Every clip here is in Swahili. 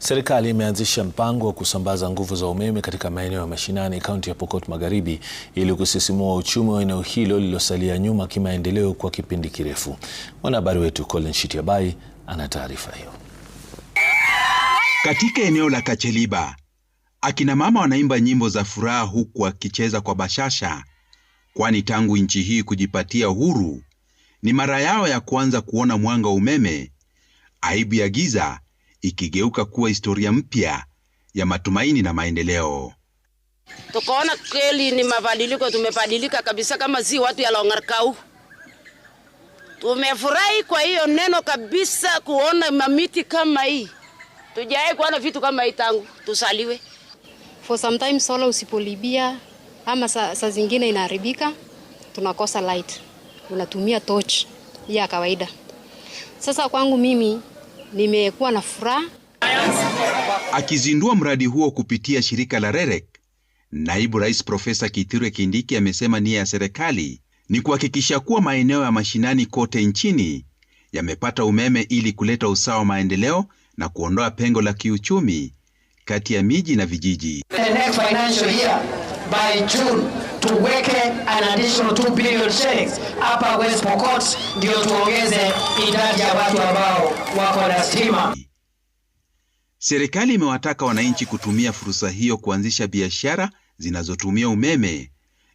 Serikali imeanzisha mpango wa kusambaza nguvu za umeme katika maeneo ya mashinani kaunti ya Pokot Magharibi ili kusisimua uchumi wa eneo hilo lililosalia nyuma kimaendeleo kwa kipindi kirefu. Mwanahabari wetu Colin Shitiabai ana taarifa hiyo. Katika eneo la Kacheliba, akina mama wanaimba nyimbo za furaha huku wakicheza kwa bashasha, kwani tangu nchi hii kujipatia uhuru ni mara yao ya kwanza kuona mwanga wa umeme. Aibu ya giza ikigeuka kuwa historia mpya ya matumaini na maendeleo. Tukaona kweli ni mabadiliko, tumebadilika kabisa, kama si watu ya Longarkau. Tumefurahi kwa hiyo neno kabisa, kuona mamiti kama hii. Tujawahi kuona vitu kama hii tangu tusaliwe. For sometimes sola usipolibia ama saa sa zingine inaharibika, tunakosa light, unatumia torch ya kawaida. Sasa kwangu mimi nimekuwa na furaha. Akizindua mradi huo kupitia shirika la REREC, naibu rais Profesa Kithure Kindiki amesema nia ya serikali ni kuhakikisha kuwa maeneo ya mashinani kote nchini yamepata umeme ili kuleta usawa wa maendeleo na kuondoa pengo la kiuchumi kati ya miji na vijiji. The next financial year by June tuweke an additional 2 billion shillings hapa West Pokot ndio tuongeze idadi ya watu ambao wako na stima. Serikali imewataka wananchi kutumia fursa hiyo kuanzisha biashara zinazotumia umeme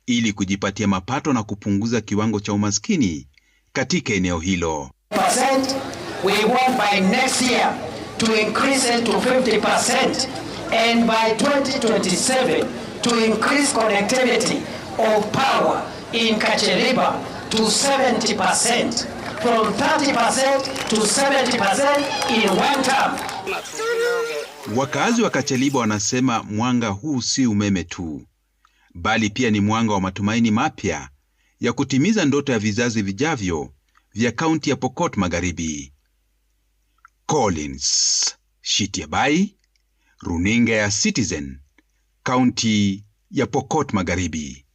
ili kujipatia mapato na kupunguza kiwango cha umaskini katika eneo hilo. We want by next year to increase it to 50% and by 2027 to increase connectivity of power in Kacheriba to 70% from 30% to 70% in one term. Wakazi wa Kacheliba wanasema mwanga huu si umeme tu, bali pia ni mwanga wa matumaini mapya ya kutimiza ndoto ya vizazi vijavyo vya kaunti ya Pokot Magharibi. Collins Shitiabai, Runinga ya Citizen kaunti ya Pokot Magharibi.